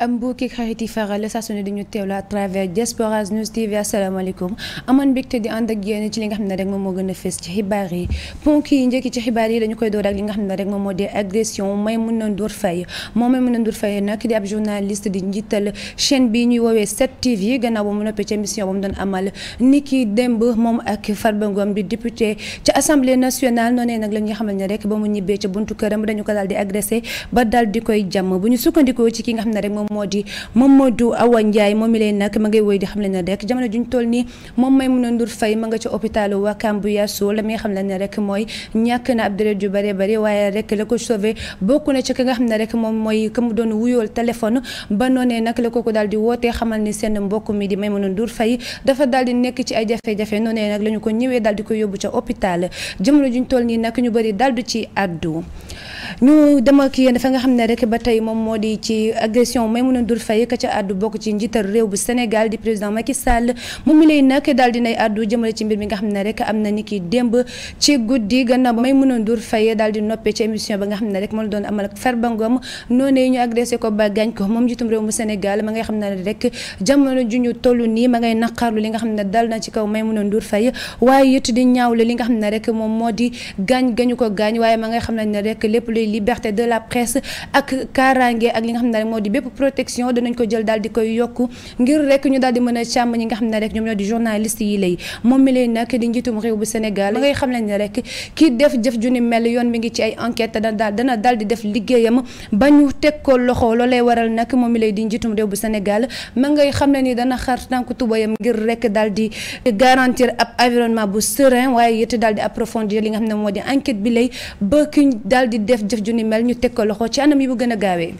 ak mbokki xarit yi faral saa su ne di ñu teewlu à travers Diaspora News TV asalaamaaleykum amoon mbégte di ànd ci li nga xam ne rek moom moo gën a fës ci xibaar yi yi njëkki ci xibaar yi dañu koy door ak li nga moo di agression Maimouna Ndour Faye moom Maimouna Ndour Faye nag di ab journaliste di njiital chaîne bi ñuy woowee 7TV gannaaw ba moom ak Farba Ngom di député ci assemblée nationale noonee nag la ñuy xamal ne rek ba mu ñibbee ca buntu këram dañu ko daal di agressé ba daal di koy jàmm bu ñu sukkandikoo ci ki nga xam ne rek moom moo di moom moo Mamadou Awa njaay moom mi leen nag ma ngay woy di xam le ne rek jamono juñ toll nii moom may Maimouna Ndour Faye ma nga ca hôpital Ouakam bu Yasso la mi nga xam le ne rek mooy ñàkk na ab deret ju bare bare waaye rek la ko sauvé bokk na ci ki nga xam ne rek moom mooy ka mu doon wuyool téléphone ba noonee nag la ko ko daal di wootee xamal ni seen mbokk mi di may Maimouna Ndour Faye dafa daal di nekk ci ay jafe-jafe noonee nag la ñu ko ñëwee daal di ko yóbbu ca hôpital jamono juñ toll nii nak ñu bëri daal du ci àddu ñu dem ak yéen dafa nga xam ne rek ba tey moom moo di ci agression Maimouna Ndour Faye ka ca àddu bokk ci njiital réew bu Sénégal di président Macky Sall moom mi lay nag daal dinay àddu jëmale ci mbir mi nga xam ne rek am na ni ki démb ci guddi gannaaw ba Maimouna Ndour Faye daal di noppee ci émission ba nga xam ne rek moo doon amal ak Farba Ngom noonu ñu agressé ko ba gaañ ko moom njiitum réew xam ne rek jamono ju ñu toll nii ma ngay naqarlu li nga xam ne dal na ci kaw Maimouna Ndour Faye waaye it di ñaawlu li nga xam ne rek moom moo di gaañ gañu ko gaañ waaye ma ngay xam ne rek lépp liberté de la presse ak kaaraange ak li nga xamné ne di protection dañ ko jël dal di koy yok ngir rek ñu dal di mëna cham ñi nga xamné rek ñom ñoo di journaliste yi lay moom mi lay nag di njitum réew bu Sénégal ngay xam ne rek ki def jëf ju mel yoon mi ngi ci ay enquête dana dana daal di def liggéeyam ba ñu teg loxo loolay waral nak moom mi lay di njitum réew bu Sénégal ma ngay xam ne ni dana xar tanku tubayam ngir rek dal di garantir ab environnement bu serein waye it dal di approfondir li nga xamné ne di enquête bi lay ba ki dal di def jëf ju ni mel ñu teg ko loxo ci anam yi bu gën a gaawee.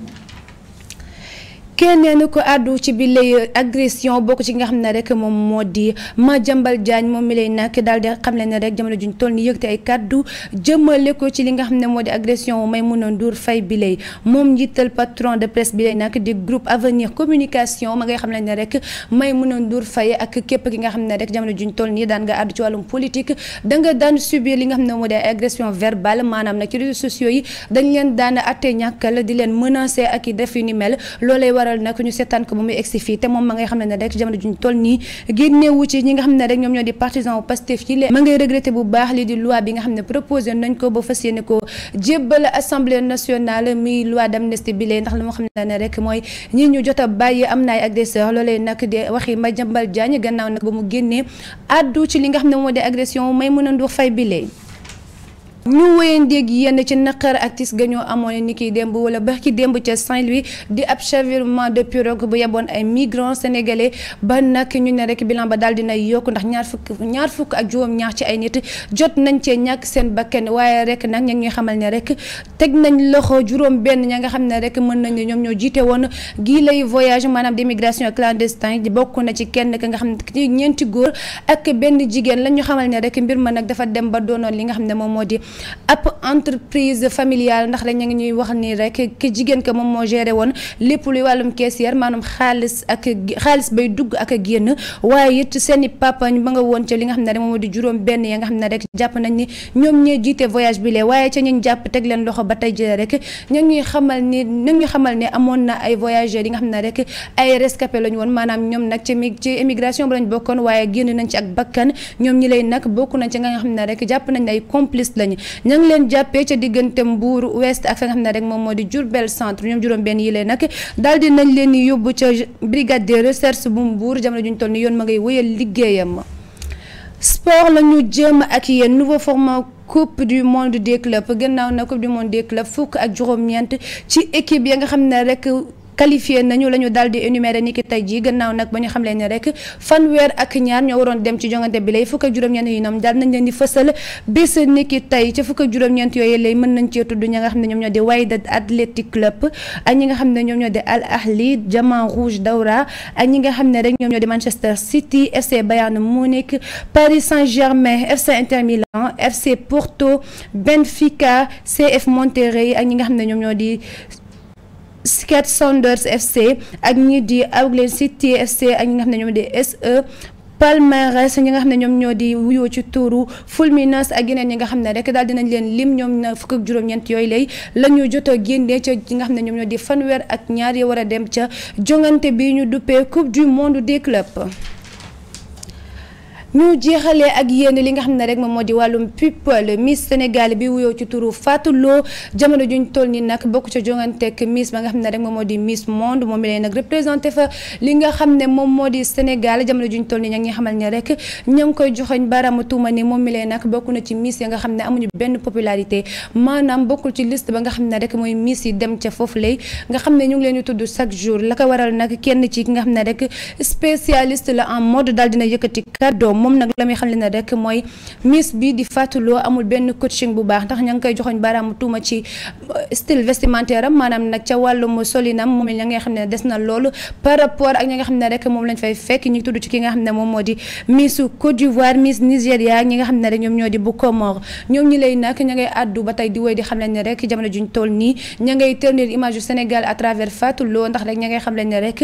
keneen ko àddu ci bi lay agression bokk ci nga xam ne rek moom moo di Madiambal Diagne moom mi lay nag daal di xam leen ne rek jamono juñ toll ni yëgte ko ci li nga xam ne moo di agression Maimouna Ndour Faye bi lay moom njiital patron de presse bi lay nag di groupe communication ma ngay xam leen ne rek Maimouna Ndour Faye ak képp ki nga xam ne rek jamono juñ toll nii daan nga àddu ci wàllum politique da nga daan subir li nga xam ne moo di ay agression verbale maanaam nag ci réseaux sociaux yi dañ leen daan atte ñàkkal di leen menacer ak i def yu ni mel loolay waral waral nag ñu seetaan ko ba muy egsi fii te moom ma ngay xam ne rek jamono juñ toll nii génneewu ci ñi nga xam ne rek ñoom ñoo di partisan wu Pastef yi ma ngay regretté bu baax lii di loi bi nga xam ne proposé nañ ko ba fas yéene ko jébbal assemblée nationale mi loi d'amnistie bi lee ndax li ma xam ne rek mooy ñi ñu jot bàyyi am naay agresseur loolee nag di waxi Madiambal Diagne gannaaw nag ba mu génnee addu ci li nga xam ne moo di agression may mën a nduur fay ñu wéyandeeg yenn ci naqar ak tis ga ñoo amoon ni kiy démb wala ba ki démb ca Saint-Louis di ab chavirement de pirogue bu yeboon ay migrants sénégalais ba nag ñu ne rek bilan ba daal dina yokku ndax ñaar fukk ñaar fukk ak juróom-ñaar ci ay nit jot nañ cee ñàkk seen bakken waaye rek nag ña ngi ñuy xamal ne rek teg nañ loxo juróom benn ña nga xam ne rek mën nañ ne ñoom ñoo jiite woon gii lay voyage maanaam d'immigration clandestine bokk na ci kenn ki nga xam ne ñeenti góor ak benn jigéen la ñu xamal ne rek mbir ma nag dafa dem ba doonoon li nga xam ne moom moo di ab entreprise familial ndax rek ñu ngi ñuy wax nii rek ki jigéen ko moom moo géré woon lépp luy wàllum caissière maanaam xaalis ak xaalis bay dugg ak a génn waaye it seen i papa ñu nga woon ca li nga xam ne rek di juróom benn ya nga xam ne rek jàpp nañ ni ñoom ñee jiite voyage bi lee waaye ca ñun jàpp teg leen loxo ba tey jëlee rek ña ngi xamal ni ña ngi xamal ne amoon na ay voyageurs yi nga xam ne rek ay rescapé lañu woon maanaam ñoom nag ci ci émigration bi lañ bokkoon waaye génn nañ ci ak bakkan ñoom ñi lay nag bokk nañ ci nga xam ne rek jàpp nañ ay complice lañu ña ngi leen jàppee ca diggante Mbour ouest ak fa nga xam ne rek moom moo di Diourbel centre ñoom juróom-benn yi leen nag daal di nañ leen yóbbu ca brigade de recherche bu Mbour jamono juñ toll ni yoon ma ngay wëyal liggéeyam. sport la ñu jéem ak yéen nouveau format coupe du monde des clubs gannaaw na coupe du monde des clubs fukk ak juróom-ñeent ci équipe ya nga xam ne rek. qualifié nañu lañu daldi énumérer niki tay ji gannaaw nak bañu xamlé ni rek fanwer ak ñaar ñoo waron dem ci jongante bi lay fuk ak juroom ñen yi ñom dal nañ leen di fessel bes niki tay ci fuk ak juroom ñent yoy lay mën nañ ci tuddu ñi nga ñom ñoo di Wydad Athletic Club ak ñi nga xamné ñom ñoo di Al Ahli Jamaa Rouge Daura ak ñi nga xamné rek ñom ñoo di Manchester City FC Bayern Munich Paris Saint-Germain FC Inter Milan FC Porto Benfica CF Monterrey ak ñi nga xamné ñom ñoo di Skat Sounders FC ak ñi di Auckland City FC ak ñi nga xam ne ñoom di SE Palmeiras ñi nga xam ne ñoom ñoo di wuyoo ci tuuru Fulminense ak yeneen ñi nga xam ne rekk daal dinañ leen lim ñoom na fukk ak juróom-ñeent yooyu lay la ñu jot a génne ca ñi nga xam ne ñoom ñoo di fanweer ak ñaari yi war a dem ca jongante bi ñu duppee Coupe du monde des clubs. ñu jeexalee ak yéen li nga xam ne rek moom moo di wàllum people Miss Sénégal bi wuyoo ci turu Fatou Lo jamono juñ toll ni nag bokk ca jonganteeg Miss ba nga xam ne rek moom moo di Miss Monde moom mi leen nag li nga xam ne moom moo di Sénégal jamono juñ toll ni ña ngi xamal ne rek ña ngi koy joxoñ baaraamu tuuma ni moom mi leen nag bokk na ci Miss ya nga xam ne amuñu benn popularité maanaam bokkul ci liste ba nga xam ne rek mooy Miss yi dem ca foofu lay nga xam ne ñu ngi leen di tudd chaque jour la waral nag kenn ci ki nga xam ne rek spécialiste la en mode daal dina yëkkati kàddoom moom nag la muy xam ne rek mooy miss bi di fàttaloo amul benn coaching bu baax ndax ña ngi koy joxoñ baaraamu tuuma ci euh, style vestimentaire am maanaam nag ca wàllum solinam moom la nga xam ne des na loolu par rapport ak ñi nga xam ne rek moom lañ fay fekk ñu ngi tudd ci ki nga xam ne moom moo di miss Côte d'Ivoire miss Nigéria ñi nga xam ne rek ñoom ñoo di bu Comore ñoom ñi lay nag ña ngay àddu ba tey di woy di xam leen ne rek jamono juñ toll nii ña ngay ternir image du Sénégal à travers fàttaloo ndax rek ña ngay xam leen ne rek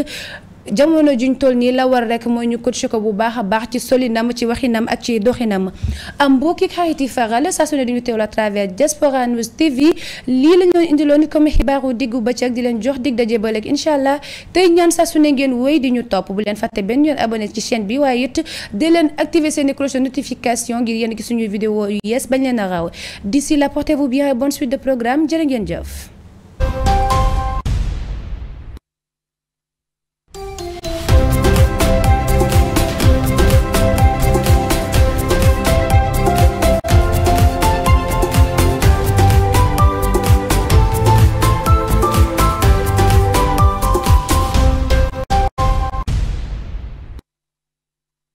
jamono juñ toll nii la war rek mooy ñu coaché ko bu baax a baax ci solinam ci waxinam ak ci doxinam am mbokki xarit yi faral saa su ne duñu teewlu à travers Diaspora News TV lii lañ doon indiloon comme xibaaru diggu bëccëg di leen jox dig daje ba léegi allah tey ñaan saa su ngeen wéy di ñu topp bu leen fàtte benn yoon abonné ci chaîne bi waaye it di leen activer seen cloche de notification ngir yéen gis suñuy vidéo yu yees bañ leen raw di si la vous bien et bonne de programme jërë ngeen jëf